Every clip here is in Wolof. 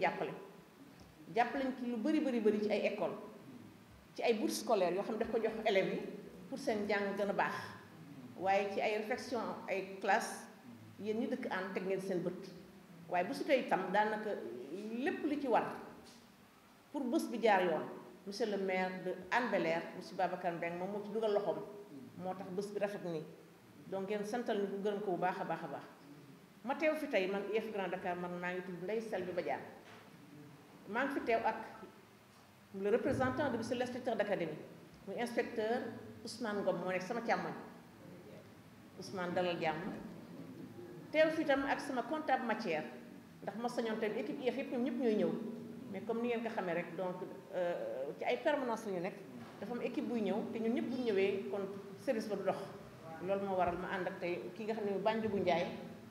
jappalé japp lañ ci lu bëri bëri bëri ci ay école ci ay bourse scolaire yo xam daf ko jox élève yi pour sen jang gëna bax waye ci ay réflexion ay classe yeen ñi dëkk aan tek ngeen sen bëtt waye bu su tay tam daanaka lepp li ci war pour bés bi jaar yoon monsieur le maire de Hann monsieur Babacar Mbeng mo moo ci dugal loxom motax tax bi rafet ni donc ngeen santal ni bu gërëm ko bu baaxa baaxa baax baax ma teew fi tey man IEF Grand Dakar man maa ngi tudd Ndeye Selby Badiane maa ngi fi teew ak le représentant de si l' inspecteur d' académie muy inspecteur Ousmane Ngom moo nekk sama càmmoñ Ousmane dalal jàmm teew fi tam ak sama comptable matière ndax ma sañoon tamit équipe IEF yëpp ñoom ñëpp ñooy ñëw mais comme ni ngeen ko xamee rek donc euh, ci ay permanence la ñu nekk dafa am équipe buy ñëw te ñun ñëpp bu ñëwee kon service ba du dox loolu moo waral ma ànd ak te ki nga xam ne Bandiou Ndiaye.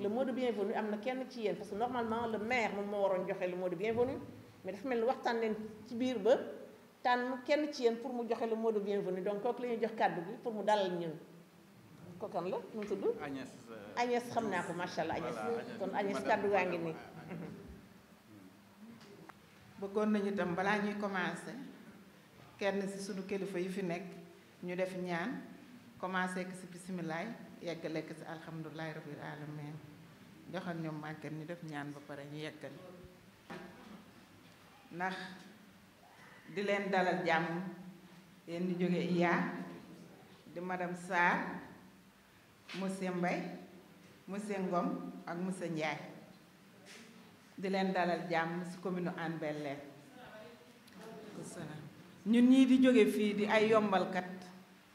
le mot de bienvenue am na kenn ci yéen parce que normalement le maire moom moo waroon joxe le mot de bienvenue mais dafa melni waxtan len ci bir ba tan kenn ci yéen pour mu joxe le mot de bienvenue donc kooku la ñuy jox kàddu gi pour mu dalal ñun. kookan la ñu mu Agnès euh, Agnès xamna ko machallah Agnès kon Agnès cadeau gaa ngi ni bëggoon nañu tam bala ñuy commencé kenn ci suñu kilifa yi fi nekk ñu def ñaan commencé ak ci bismillah yeggale ko ci alhamdulilahi rabbil alamin joxal ñu màggal ni def ñaan ba pare ñu yeggal ndax di len dalal jamm yeen di jóge iya di madam Sarr monsieur Mbay monsieur Ngom ak monsieur Njaay di len dalal jamm ci commune an belle ñun ñi di ayom fi di ay kat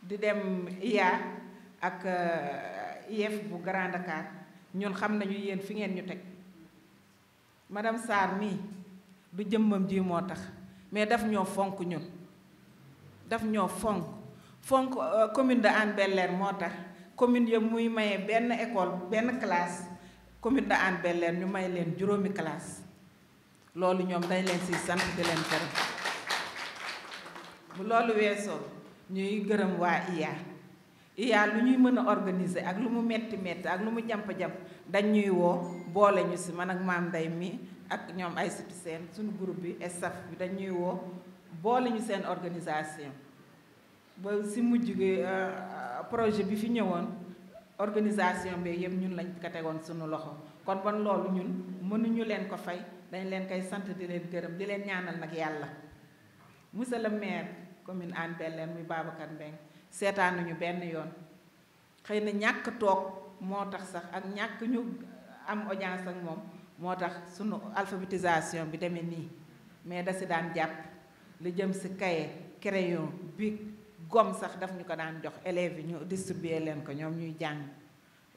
di dem iya. ak euh, IEF bu Grand Dakar ñun xam nañu yéen fi ngeen ñu teg madame Sarr mii du jëmmam ji moo tax mais daf ñoo fonk ñun daf ñoo fonk fonk euh, commune de Hann bel moo tax commune ya muy maye benn école benn classe commune de Hann bel ñu may leen juróomi classe loolu ñoom day leen ci sant di leen gërëm bu loolu weesoo ñuy gërëm waa iya yaa lu ñuy mën a organiser ak lu mu metti metti ak lu mu jamp-jamp dañ ñuy woo boole ñu si man ak maam nday mii ak ñoom ay siti seen suñu groupe bi staff bi dañ ñuy woo boole ñu seen organisation ba si mujj gi euh, projet bi fi ñëwoon organisation bi yëpp ñun lañ ko tegoon suñu loxo kon bon loolu ñun mënuñu leen ko fay dañ leen koy sant di leen gërëm di leen ñaanal nag yàlla monsieur le maire commune Hann Bel-Air muy Babacar Mbengue seetaanuñu benn yoon xëy na ñàkk toog moo tax sax ak ñàkk ñu am audience ak moom moo tax sunu alphabétisation bi demee nii mais da si daan jàpp li jëm si cahier crayon bi gomme sax daf ñu ko daan jox élèves yi ñu distribuer leen ko ñoom ñuy jàng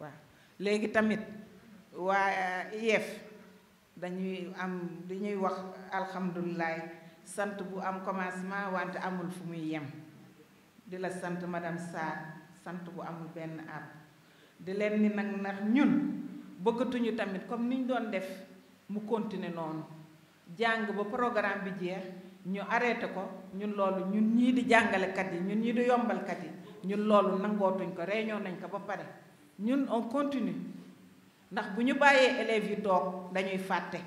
waaw léegi tamit waa euh, IEF dañuy am dañuy wax alhamdulilah sant bu am commencement wante amul fu muy yem di la sant madame Sarr sant bu amul benn àpp di leen ni nag ndax ñun bëggatuñu tamit comme ni ñu doon def mu continuer noonu jàng ba programme bi jeex ñu arrêté ko ñun loolu ñun ñii di jàngalekat yi ñun ñii di yombalkat yi ñun loolu nangootuñ ko réunion nañ ko ba pare ñun on continue ndax bu ñu bàyyee élèves yi toog dañuy fàtte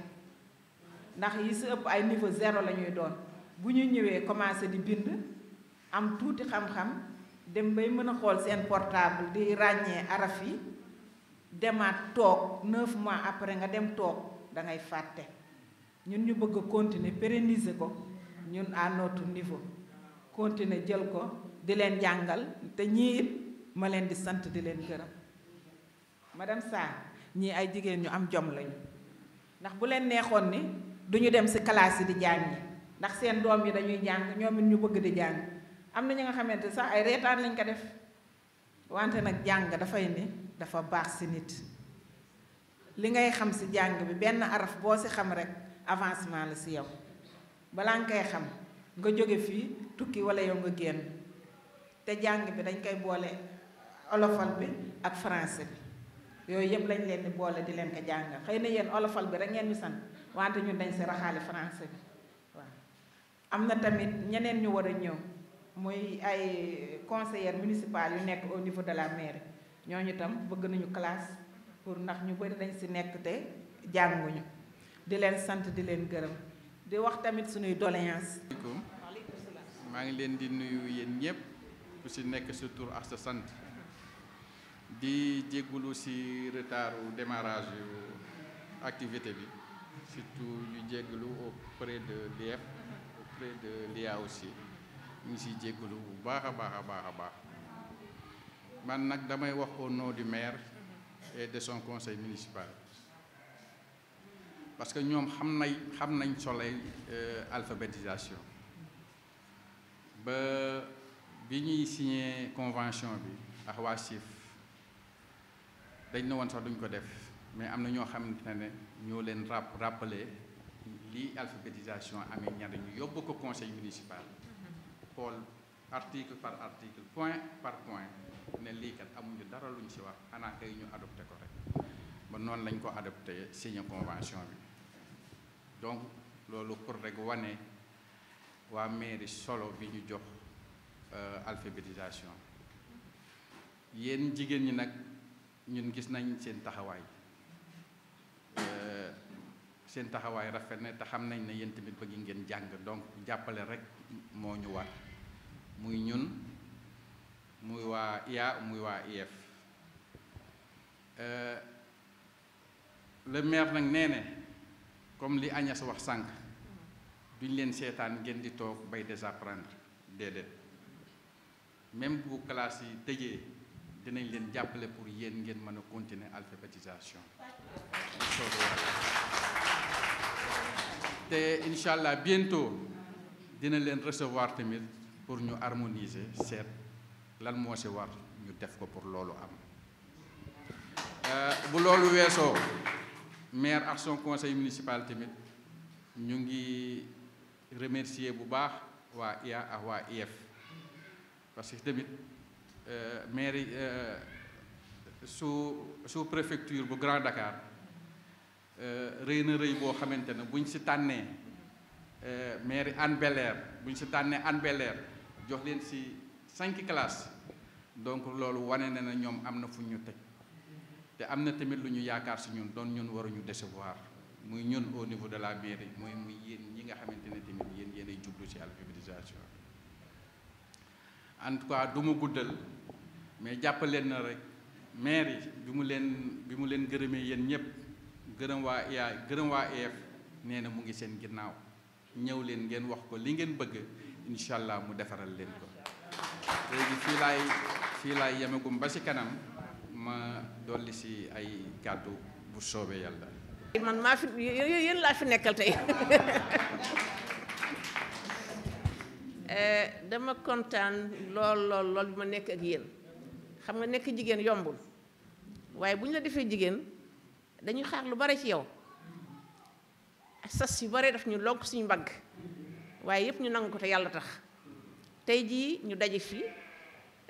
ndax yi si ëpp ay niveau zéro la ñuy doon bu ñu ñëwee commencé di bind am tuuti xam-xam dem bay mën a xool seen portable di ràññee araf yi demaat toog neuf mois après nga dem toog da ngay fàtte ñun ñu bëgg a continuer ko ñun à notre niveau continuer jël ko di leen jàngal te ñii ma leen di sant di leen gërëm madame saa ñii ay jigéen ñu am jom lañu ndax bu leen neexoon ni duñu dem ci classe yi di jàng ndax seen doom yi dañuy jàng ñoom ñu bëgg di jàng am na ñi nga xamante sax ay reetaan lañ ko def wante nag jàng dafay ni dafa baax si nit li ngay xam si jàng bi benn araf boo ci xam rek avancement la si yow balaa nga koy xam nga jóge fii tukki wala yow nga génn te jàng bi dañ koy boole olofal bi ak français bi yooyu yëpp lañ leen di boole di leen ko jàngal xëy na yéen olofal bi rek ngeen ñu sant wante ñun dañ si raxaale français bi waaw am na tamit ñeneen ñu war a ñëw Je ay conseillère municipal au niveau de la mairie Nous tam bëgg classe pour ndax ñu bëri dañ si nekk te di leen di leen gërëm di wax tamit doléance leen di nuyu ñëpp retard démarrage activité surtout ñu auprès de auprès de l'IA aussi ñu ngi bu baax a baax baax man nak damay wax au nom du maire et de son conseil municipal parce que ñom xam xamnañ xam euh soleil alphabétisation ba biñuy signé convention bi ak wa SIF dañ na won sax duñ ko def mais amna ño ñoo xamante ne rap rappeler li alphabétisation amé ñaar ñu yóbbu ko conseil municipal xool article par article point par point ne lii amuñu dara luñ ci wax xanaa kay ñu adopté ko rek ba noonu lañ ko adopté signé convention bi donc loolu pour rek wane waa mairie solo bi ñu jox euh, alphabétisation yéen jigéen ñi nag ñun gis nañ seen taxawaay euh, seen taxawaay rafet na te xam nañ ne yéen tamit bëgg ngeen jàng donc jàppale rek moo ñu war muy ñun muy wa ya muy waa IEF eh, le maire nak néné comme li Agnès wax sank duñ len sétane gën di tok bay désapprendre dédé même bu classe yi tejé dinañ len jàppale pour yeen gën mëna continuer alphabétisation te inshallah bientôt dina len recevoir tamit pour ñu harmoniser seet lan moo ci war ñu def ko pour loolu am euh, bu loolu weesoo maire ak son conseil municipal tamit ñu ngi remercier bu baax waa IA ak waa IF parce que tamit euh, maire yi euh, sous sous préfecture bu Grand Dakar rëy na rëy boo xamante ne buñ si tànnee maire Hann Bel-Air buñ ci tànnee Hann bel jox leen si 5 classe donc lolu wané né ñom amna fu ñu tej te amna tamit lu ñu yaakar ci ñun doon ñun ñu décevoir muy ñun au niveau de la mairie muy muy yeen ñi nga xamante tamit yeen yéenay djublu si alphabétisation en tout cas duma guddal mais jàppaleen na rek mairie bi mu leen bi mu leen ñëpp gërëm wa EF nee mu ngi seen ginnaw ñew leen ngeen wax ko li ngeen bëgg incha allah mu defaral leen ko léegi fii laay fii laay yemagum ba ci kanam ma dolli si ay kàddu bu soobee yàlla. man maa fi yéen laa fi nekkal tey eh, dama kontaan lool lool bi ma nekk ak yéen xam nga nekk jigéen yombul waaye bu ñu la defee jigéen dañuy xaar lu bare ci yow sas yu bare daf ñu lonk suñu mbagg. waaye yëpp ñu nangu ko te yàlla tax tey jii ñu daje fii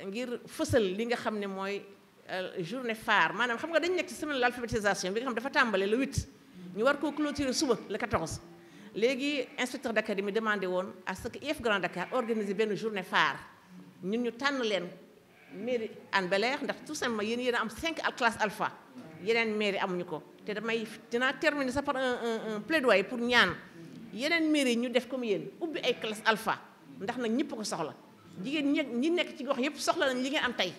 ngir fësal li nga xam ne mooy euh, journée phare maanaam xam nga dañ nekk ci semaine l'alphabétisation bi nga xam dafa tàmbale la 8 ñu war koo clôturer suba le 14 léegi inspecteur d'académie demande woon à ce que IEF Grand Dakar organise benn journée phare ñun ñu tànn leen mairie Hann Bel-Air ndax tout simplement yéen yéen a am 5 classe alpha yeneen mairie amuñu ko te damay dinaa terminer sax par pour ñaan yeneen mairie ñu def comme yéen ubbi ay classe alpha ndax nag ñëpp ko soxla jigéen ñi ñi nekk ci gox yëpp soxla nañ li ngeen am tey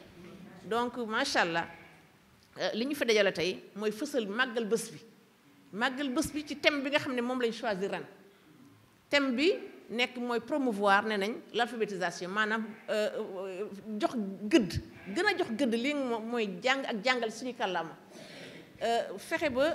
donc macha allah euh, li ñu fi dajale tey mooy fësal màggal bés bi màggal bés bi ci thème bi nga xam ne moom lañ choisir ren thème bi nekk mooy promouvoir ne nañ l'alphabétisation maanaam euh, jox gëdd gën a jox gëdd li mooy jàng ak jàngal suñu kàllaama euh, fexe ba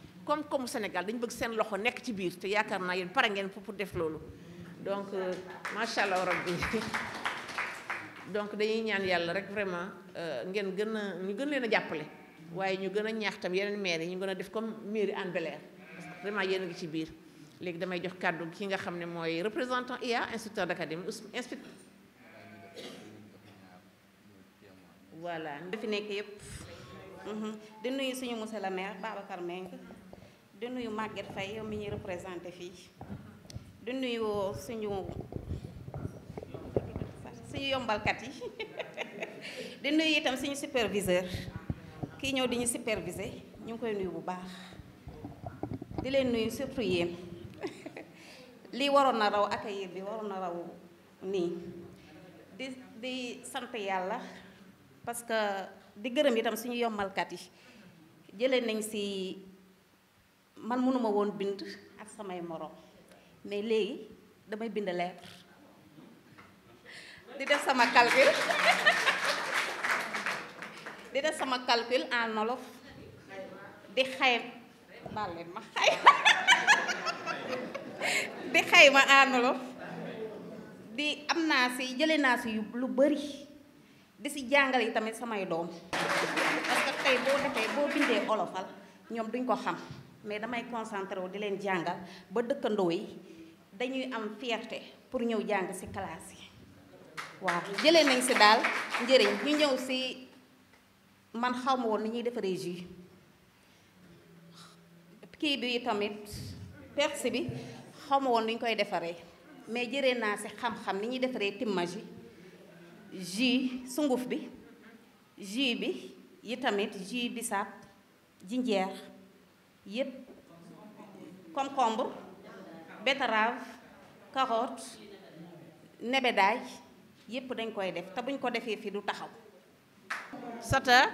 comme comme Sénégal dañu bëgg seen loxo nekk ci biir te yaakaar naa yéen pare ngeen pour def loolu donc euh, macha allah rabbi donc dañuy ñaan yàlla rek vraiment euh, ngeen gën a ñu gën leen a jàppale waaye ñu gën a ñaax tam yeneen maire yi ñu gën a def comme mairie Hann Bel-Air vraiment yéen a ngi ci biir léegi damay jox kàddu ki nga xam ne mooy représentant IA instructeur d'académie inspect voilà ñu nekk yëpp mhm. di nuyu suñu monsieur le maire Babacar Mbengue di nuyu màgget fay yow mi ñuy représenté fii di nuyu suñu suñu yombalkat yi di nuyu itam suñu superviseur kii ñoo di ñu superviser ñu ngi koy nuyu bu baax di leen nuyu surtout yéen lii waroon na raw accueil bi waroon na raw nii di di sant yàlla parce que di gërëm itam suñu yombalkat yi jëlee nañ si. man mënuma woon bind ak samay morom mais léegi damay bind lettre di def sama calcul di def sama calcul en olof di xay baal ma xay di di am naa si jële naa si lu bari di si jàngale yi tamit samay doom parce que tey boo defee boo bindee olofal ñoom duñ ko xam mais damay concentré wu di leen jàngal ba dëkkandoo yi dañuy am fierté pour ñëw jàng ci classe yi waaw jëlee nañ si daal njëriñ ñu ñëw si man xaw ma woon ni ñuy defaree jus kii bi tamit perse bi xaw ma woon ni ñu koy defaree mais jëree naa si xam-xam ni ñuy defaree timmaji jus sunguf bi jus bi yi tamit jus bisaab jinjeer yépp concombre betterave carotte nebedaay yépp dañ koy def te buñ ko defee fi du taxaw sata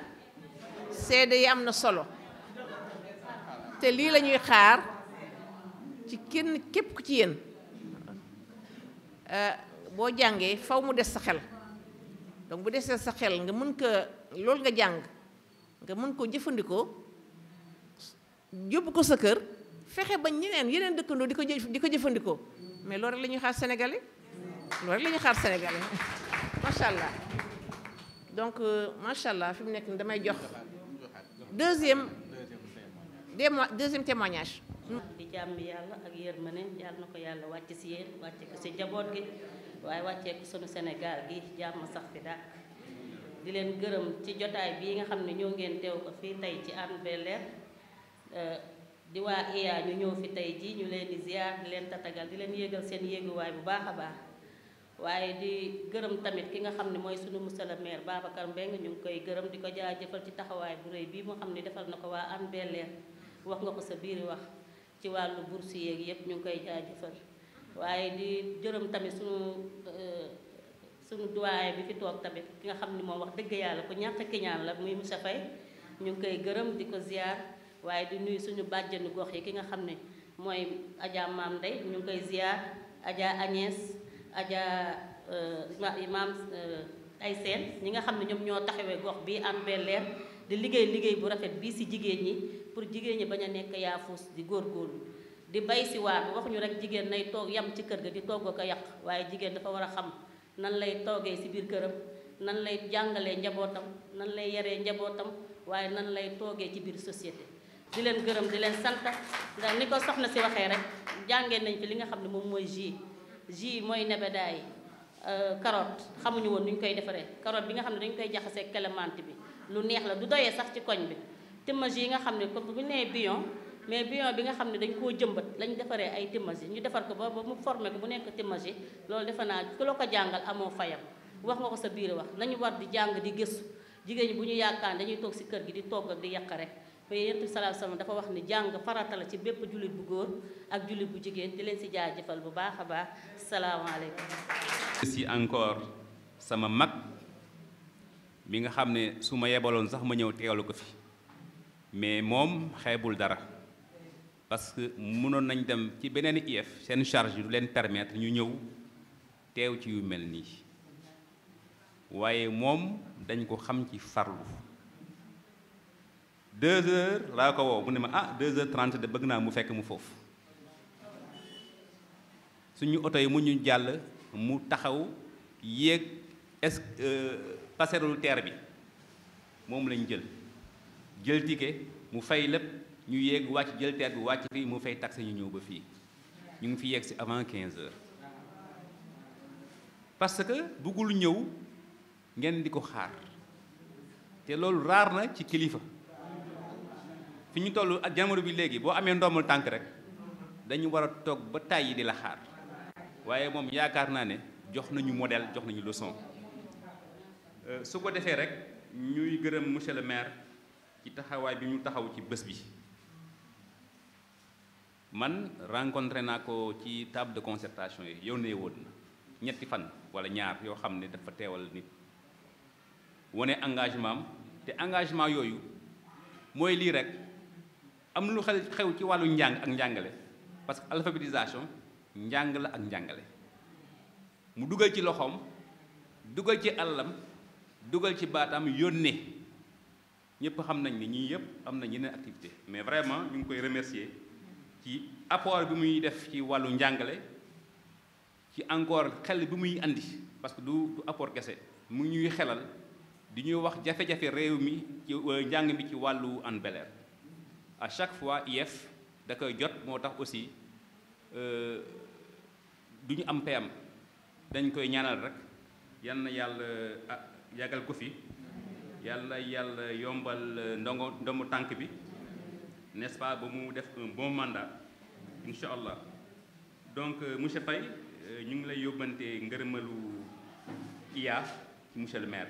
seede yi am na solo te lii la ñuy xaar ci kenn képp ku ci yéen euh, boo jàngee faw mu des sa xel donc bu desee sa xel nga mën ko loolu nga jàng nga mën ko jëfandikoo yóbbu ko sa kër fexe ba ñeneen yeneen dëkkandoo di ko jë di ko jëfandikoo mais loolu rek la ñuy xaar sénégalais loolu rek la ñuy xaar sénégalais macha allah donc euh, macha allah fi mu nekk nii damay jox deuxième deuxième témoignage di jàmm yàlla ak ma ne yàlla na ko yàlla wàcc si yéen wàcce ko si njaboot gi waaye wàccee ko sunu Sénégal gi jàmm sax fi dàq di leen gërëm ci jotaay bii nga xam ne ñoo ngeen teew ko fii tey ci Hann bel Eh, di waa iyaa e ñu ñëw fi tey jii ñu leen di ziar di leen tatagal di leen yéegal seen yéeguwaay bu baax a baax waaye di gërëm tamit ki nga xam ne mooy sunu monsieur le maire ñu ngi koy gërëm di ko jaajëfal ci taxawaay bu rëy bii moo xam ne defal na ko waa Hann Bel-Air wax nga ko sa biir wax ci wàllu bourse yeeg yëpp ñu ngi koy jaajëfal waaye di gërëm tamit sunu eh, sunu doyen bi fi toog tamit ki nga xam ne moom wax dëgg yàlla ku ñàkk ki ñaan la muy musa Faye ñu ngi koy gërëm di ko ziar. waye di nuyu suñu badjan gox yi ki nga xamne moy Adja Maam day ñu koy ziar Adja Agnès Adja euh, maam euh, ay seen ñi nga xamne ñom ñoo taxawé gox bi am bel di liggéey liggéey bu rafet bi ci jigéen ñi pour jigéen ñi baña nek ya fous di gor di bay si waar waxuñu rek jigéen nay tok yam ci kër ga di togo ko yàq waye jigéen dafa wara xam nan lay togué si biir kërëm nan lay jangalé njabotam nan lay yaree njabotam waye nan lay togué ci biir société di leen gërëm di leen santa ndax ni ko soxna si waxee rek jàngee nañ fi li nga xam ne moom mooy jus jus mooy nebedaay karoot euh, xamuñu woon nu ñu koy defaree carotte bi nga xam ne dañu koy jaxasee clémentine bi lu neex la du doyee sax ci koñ bi timmage yi nga xam ne ko bu nee bion mais bion bi nga xam ne dañ koo jëmbat defaree ay timmage ñu defar ko ba mu forme ko bu nekk timmage loolu defe naa ku la ko jàngal amoo fayam wax nga ko sa biir wax nañu war di jàng di gëstu jigéen ñi bu ñu yaakaar dañuy toog si kër gi di togg ak di yàq ba tu bi sama, dapat dafa wax ni jang farata la ci bépp jullit bu góor ak jullit bu jigéen si jaajëfal bu salam si encore sama mak, mi nga ne su ma yebaloon sax ma ñëw teewlu ko fi mais ke xeebul dara parce que mënoon nañ dem ci IEF sen charge du leen permettre ñu teew ci yu melni nii waaye dañ ko xam ci farlu. deux heures laa ko woo mu ne ma ah deux heures trente de bëgg naa mu fekk mu foofu suñu oto yi mu ñu jàll mu taxaw yéeg es euh, passerelle terre bi moom lañ jël jël ticket mu fay lépp ñu yéeg wàcc jël terre bi wàcc fii mu fay taxi ñu ñëw ba fii ñu ngi fi yegg si avant quinze heures parce que bëggul ñëw ngeen di ko xaar te loolu raar na ci kilifa. fi ñu toll ak jamono bi léegi boo amee ndoomul tànk rek dañu war a toog ba tàyyi di la xaar waaye moom yaakaar naa ne jox nañu modèle jox nañu leçon euh, su ko defee rek ñuy gërëm monsieur le maire ci taxawaay bi ñu taxaw ci bés bi man rencontré naa ko ci table de concertation yi yow nee woon na ñetti fan wala ñaar yoo xam ne dafa teewal nit wane engagement te engagement yooyu mooy lii rek am lu xel xew ci wàllu njàng ak njàngale parce que alphabétisation njàng la ak njàngale mu dugal ci loxoom dugal ci àllam dugal ci baataam yónnee ñëpp xam nañ ni ñii yëpp am na yeneen activité mais vraiment ñu ngi koy remercier ci apport bi muy def ci wàllu njàngale ci encore xel bi muy andi parce que du apport kese mu ñuy xelal di ñuy wax jafe-jafe réew mi ci euh, njàng mi ci wàllu Hann bel à chaque fois IF da koy jot motax aussi euh ñu am payam dañ koy ñaanal rek yal yalla ah, yagal ko fi yalla yalla yombal euh, ndongo ndomu tank bi n'est-ce pas ba mu def un bon mandat inshallah donc euh, monsieur Faye euh, ñu ngi lay yóbbante ngërëmalu IA monsieur le maire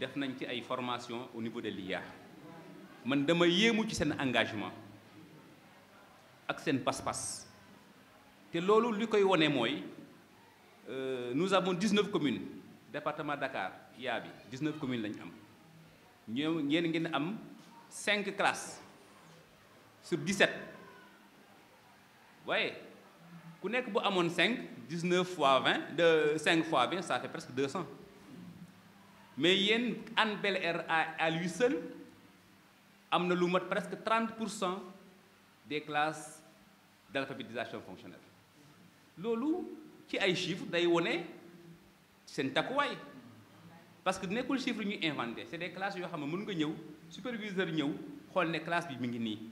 def nañ ci ay formation au niveau de l'IA man dama yému ci sen engagement ak sen pas-pas té lolu euh, nous avons 19 communes département Dakar IA a 19 communes lañ am 5 classes sur 17 Vous ku nekk bu avez 5 19 fois 20 de 5 fois 20 ça fait presque 200 mais il y a un Bel-Air à lui seul il a lu presque 30 des classes d'alphabétisation fonctionnelle. fonctionnelle qui ci ay chiffres day C'est un takkuwaay parce que un chiffre ñuy inventé inventés. sont des classes que il y a nga superviseurs superviseur ont xool classes. classe bi mi ngi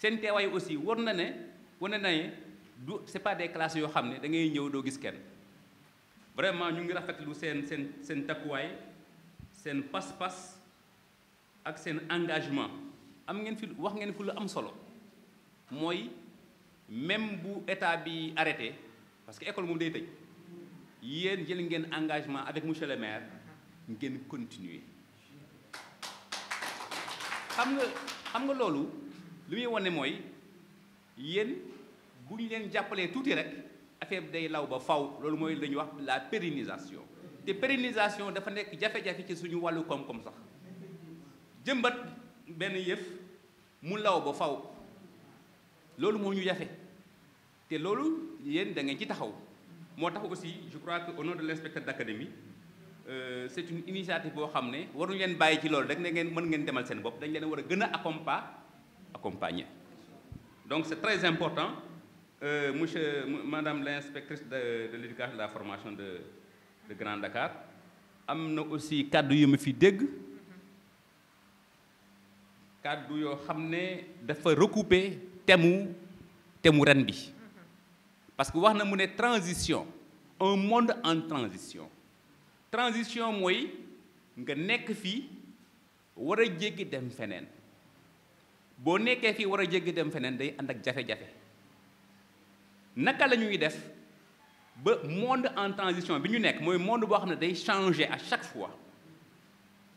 nii aussi war na ne pas des classes que xam ne da ngay ñëw gis vraiment ñu ngi fait seen seen de seen pas-pas ak seen engagement am ngeen fi wax ngeen fi lu am solo mooy même bu état bi arrêté parce que école moom day tëj yéen jël ngeen engagement avec monsieur le maire ngeen continuer xam nga xam nga loolu li muy wane mooy yéen bu ñu leen jàppalee tuuti rek affaire bi day law ba faw loolu mooy la wax la pérennisation de pérennisation dafa nekk jafe-jafe ci suñu wàllu koom comme sax jëmbat benn Ben mu law ba faw loolu moo ñu jafe te loolu yéen da ngeen ci taxaw moo aussi je crois que au nom de l'inspecteur d'académie Euh, c'est une initiative bo xamné ne waruñu leen bàyyi ci loolu rek ne ngeen mën ngeen demal seen dañ leen wara gëna accompagner donc c'est très important euh, monsieur madame l'inspectrice de de l'éducation de la formation de de Grand Dakar am aussi cadre yu ma fi dégg yo. yoo xam dafa recouper temu temu ren bi parce que wax na mu transition un monde en transition transition moy nga nek fi wara a dem fenen. Bo nekkee fi wara a dem fenen day ànd ak jafé jafe naka lañuy def le monde en transition bi ñu monde boo xam changer à chaque fois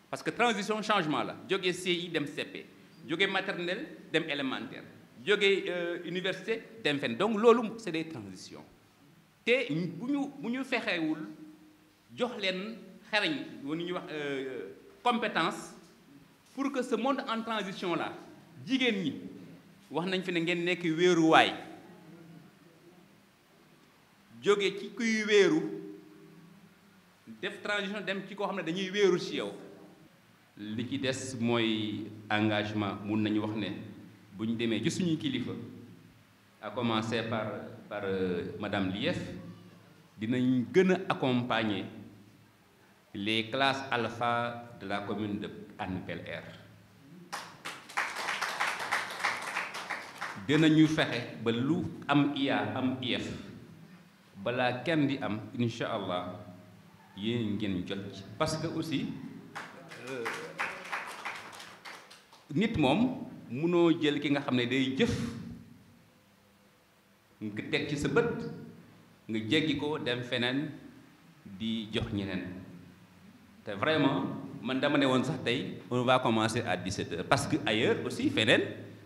parce que transition changement la le CI dem CP le maternelle dem élémentaire jógee euh, université dem fen donc loolu c'est des transitions Et si nous faisons ñu compétences, jox euh, euh, pour que ce monde en transition là jigéen ñi wax nañ fi ne ngeen jóge ci kuy wéru def transition dem ci ko xamné dañuy wéru ci yow li ci dess moy engagement mën nañ wax né buñ démé ci kilifa a commencer par par euh, madame Lief dinañ gëna accompagner les classes alpha de la commune de Hann Bel-Air dinañu fexe ba lu am IA am IF balaa kenn di am incha allah yéen ngeen jot parce que aussi euh, nit moom mënoo jël ki nga xam ne day jëf nga teg ci sa bët nga jéggi ko dem feneen di jox ñeneen te vraiment man dama ne woon sax tey on va commencer à 17h parce que ailleurs aussi feneen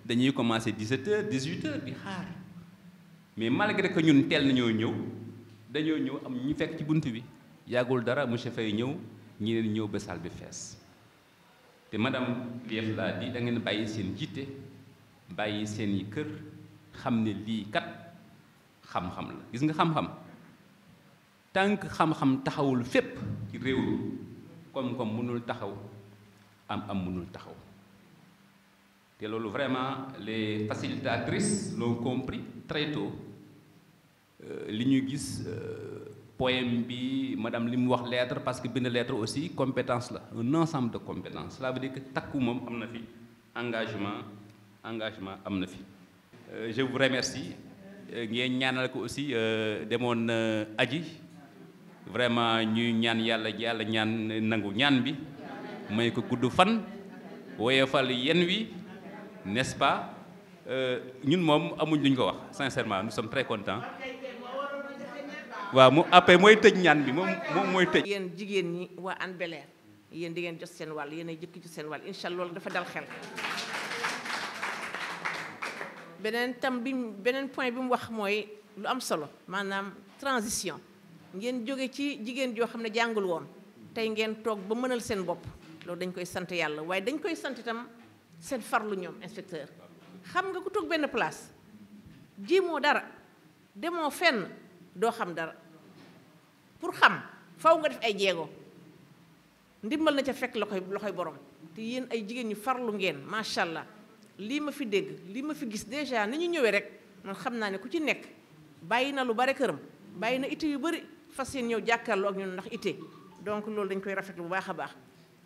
dañuy commencer 17h 18h di xaar mais malgré que ñun teel nañoo ñëw. dañoo ñëw am ñu fekk ci bunt bi yàggul dara monsieur Faye ñëw ñi leen ñëw ba salle bi fees te madame Lief laa di da ngeen bàyyi seen jiite bàyyi seen i kër xam ne lii kat xam-xam la gis nga xam-xam tànk xam-xam taxawul fépp ci réew mi koom-koom mënul taxaw am am mënul taxaw te loolu vraiment les facilitatrices l'ont compris très tôt euh, li gis euh, poème bi madame lim wax lettre parce que bind lettre aussi compétence la un ensemble de compétences cela veut dire que takku moom am fi engagement engagement amna fi euh, je vous remercie ngeen ñaanal ko aussi demoon aji vraiment ñuy ñaan yàlla yalla ñaan nangu ñaan bi may ko gudd fan woyofal yen wi n'est-ce pas ñun mom amuñ luñ ko wax sincèrement nous sommes très contents waaw mu après mooy tëj ñaan bi moom moom mooy tëj. yéen jigéen ñi waa Hann Bel-Air yéen di ngeen jot seen wàll yéen ay jëkk jot seen wàll incha allah loolu beneen tam bi beneen point bi mu wax mooy lu am solo maanaam transition ngeen jóge ci jigéen joo xam ne jàngul tey ngeen toog ba mënal seen bopp loolu dañ koy sant yàlla waaye dañ koy sant itam seen farlu ñoom inspecteur xam nga ku toog benn place jéemoo dara demoo fenn doo xam dara pour xam faw nga def ay jéego ndimbal na ca fekk loxoy loxoy borom te yéen ay jigéen ñu farlu ngeen macha allah lii ma fi dégg lii ma fi gis dèjà ni ñu ñëwee rek man xam naa ne ku ci nekk bàyyi na lu bare këram bàyyi na itte yu bëri fas yéen ñëw jàkkaarloo ak ñun ndax itte donc loolu dañ koy rafet bu baax a baax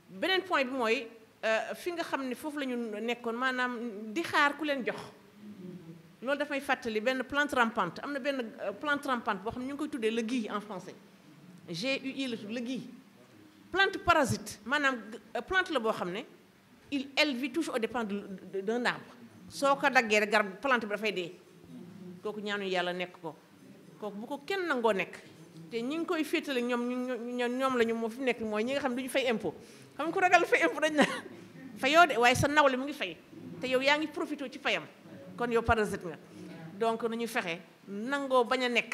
beneen point bi mooy euh, fi nga xam ne foofu la ñu nekkoon maanaam di xaar ku leen jox loolu dafay fàttali benn plante rampante am na benn euh, plante rampante boo xam ñu koy tuddee le gui en français j'ai eu il le gui plante parasite manam euh, plante la bo xamné il elle vit toujours au dépend d'un arbre soko ko daggee rek garab plante bi da fay dé kooku ñaanu yalla nek ko kooku bu ko kenn nango nek té ñing koy féetale ñom ñom ñoom la ñu fi nek moy ñi nga xam duñu fay impôt xam nga ku ragal fay impôt dañ na fayoo dé way sa nawle mu ngi fay té yow yaa ngi profité ci fayam kon yow parasite nga donc nañu fexe nangoo bañ a nekk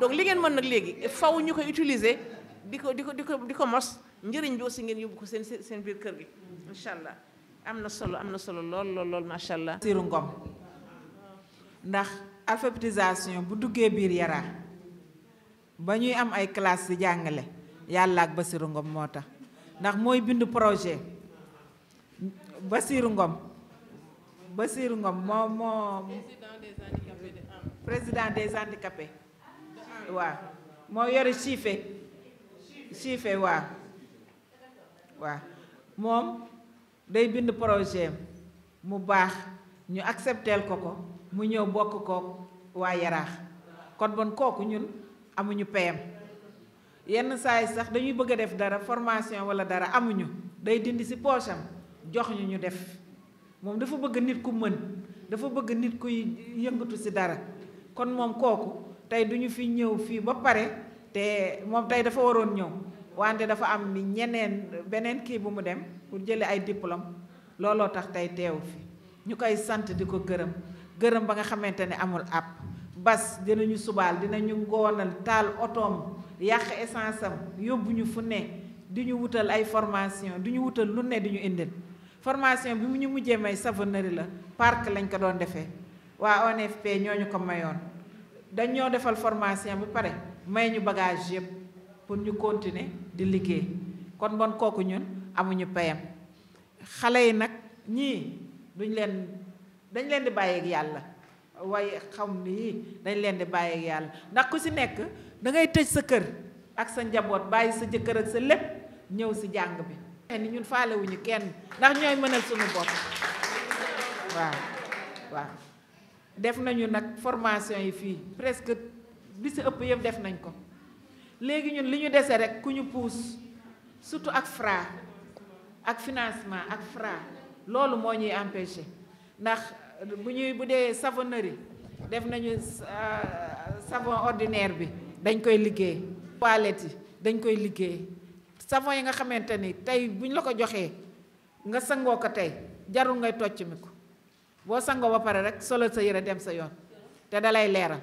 donc li ngeen mën nag léegi faw ñu koy utiliser di ko di ko di ko di ko mos njëriñ bi aussi ngeen yóbbu ko seen seen biir kër gi incha allah am na solo am na solo lool lool lool macha allah. Siru Ngom ndax alphabétisation bu duggee biir Yaraax ba ñuy am ay classe di jàngale yàlla ak Basiru Ngom moo tax ndax mooy bind projet Basiru Ngom Basiru Ngom moo moo président des handicapés waaw moo yore siife siife waa waaw moom day bind projet mu baax ñu accepteel ko ko mu ñëw bokk kook waa yaraax kon bon kooku ñun amuñu payam yenn saa yi sax dañuy bëgg a def dara formation walla dara amuñu day dindi ci poosam jox ñu ñu def moom dafa bëgg nit ku mën dafa bëgg nit kuy yëngatu ci dara kon moom kooku tey du ñu fi ñëw fii ba pare te moom tey dafa waroon ñëw wante dafa am ñeneen beneen kii bu mu dem pour jële ay diplôme looloo tax tey teew fi ñu koy sant di ko gërëm gërëm ba nga xamante ne amul àpp bas dinañu subaal ñu ngoonal taal otom yàq essence am yóbbu ñu fu ne di ñu wutal ay formation di ñu wutal lu ne di ñu indil formation bi mu ñu mujjee may savonnerie la parc lañ ko doon defee waa ñoo ñu ko mayoon dañ ñoo defal formation bu pare may ñu bagage yëpp pour ñu continuer di liggéey kon bon kooku ñun amuñu payam xale yi nag ñii duñ leen dañ leen di bàyyeeg yàlla waaye xam ni dañ leen di bàyyeeg yàlla ndax ku si nekk da ngay tëj sa kër ak sa njaboot bàyyi sa jëkkër ak sa lépp ñëw si jàng bi ni ñun faalewuñu kenn ndax ñooy mënal suñu bopp waaw waaw def nañu nag formation yi fii presque bi si ëpp yëpp def nañ ko léegi ñun li ñu dese rek ku ñu pousse surtout ak Fra ak financement ak Fra loolu moo ñuy empêché ndax bu ñuy bu dee yi def nañu euh, savon ordinaire bi dañ koy liggéey toilette yi dañ koy liggéey savon yi nga xamante ni tey bu ñu la ko joxee nga sangoo ko tey jarul ngay tocc mi ko bo sango ba pare rek solo sa yere dem sa yoon te dalay leral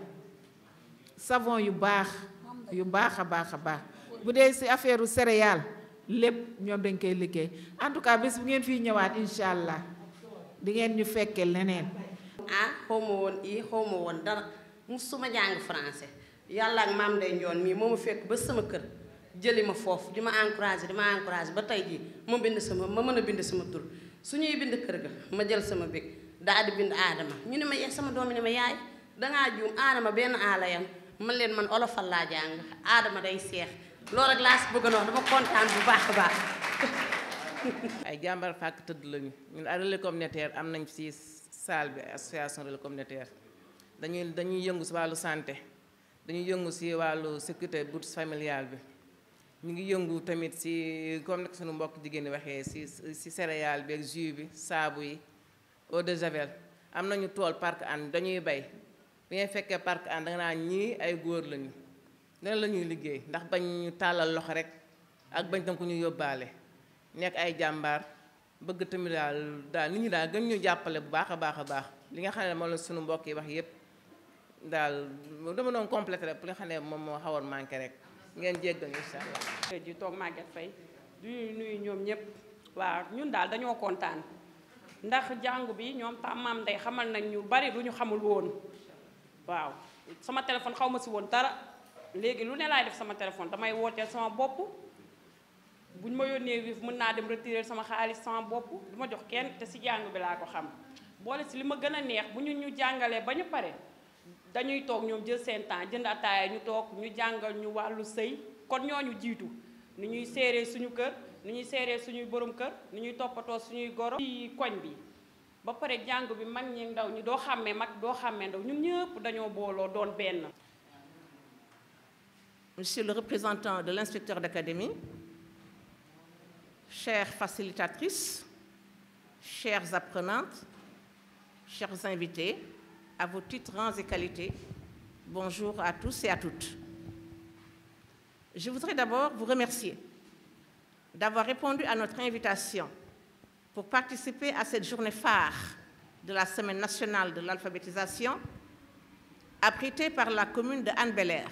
savon yu bax yu baxa baxa baax budé ci affaireu dee lepp ñom dañ koy liggé en tout cas bés bu ngeen fi ñëwaat inshallah di ngeen ñu fekke leneen ah xawma woon i xawma dar dara musuma jang français yalla ak mam day ñoon mi moma fekk ba sama kër jëli ma foofu di ma encouragé ba tay jii mo bind sama ma mëna bind sama tur suñuy bind kër ga ma jël sama bëkk daadi di bind aadama ñu ne ma ye sama doom ne ma yaay dangaa juum aadama benn aala man leen man olofal laa jàng aadama day seex loolu rek laa si bëgg a dama kontaan bu baax baax. ay jàmbar fàkk tëdd lañu ñun ay relais communautaire am nañ ci saal bi association relais communautaire dañuy dañuy yëngu si wàllu santé dañuy yëngu si wàllu sécurité bourse familiale bi. ñu ngi yëngu tamit si comme nag suñu mbokk jigéen ñi waxee si si céréale bi ak jus bi saabu yi. eau de javel am nañu tool parc an dañuy bay bi ngay fekkee parc an da nga naan ñii ay góor lañu dana la ñuy liggéey ndax bañ ñu tàllal loxo rek ak bañ tam ku ñu yóbbaale nekk ay jàmbaar bëgg tamit daal daal nit ñi daal gën ñu jàppale bu baax a baax a baax li nga xam ne moom la suñu mbokk yi wax yépp daal dama doon complété rek pour nga xam ne moom moo xawoon manqué rek ngeen jéggal incha allah. ji toog Maguette Faye du ñuy nuyu ñoom ñëpp waaw ñun daal dañoo kontaan. ndax jàngu bi ñoom tàmmaam ndey xamal nañ ñu bari lu ñu xamul woon waaw sama téléphone xaw ma si woon dara léegi lu ne laay def sama téléphone damay wooteel sama bopp bu ñu ma yónnee wiif mën naa dem retirer sama xaalis sama bopp du ma jox kenn te si jàngu bi laa ko xam boole si li ma gën a neex bu ñu ñu jàngalee ba ñu pare dañuy toog ñoom jël seen temps jënd ataaya ñu toog ñu jàngal ñu wàllu sëy kon ñooñu jiitu ni ñuy seeree suñu kër Nous ñuy seeree suñuy borom kër nu ñuy toppatoo suñuy goro ci koñ bi ba pare jàng bi mag ñi ndaw ñi doo xàmmee mag doo xàmmee ndaw ñëpp dañoo booloo doon Monsieur le représentant de l'inspecteur d'académie, chères facilitatrices, chères apprenantes, chers invités, à vos titres, rangs et qualités, bonjour à tous et à toutes. Je voudrais d'abord vous remercier d'avoir répondu à notre invitation pour participer à cette journée phare de la Semaine nationale de l'alphabétisation, abritée par la commune de Anne-Belair.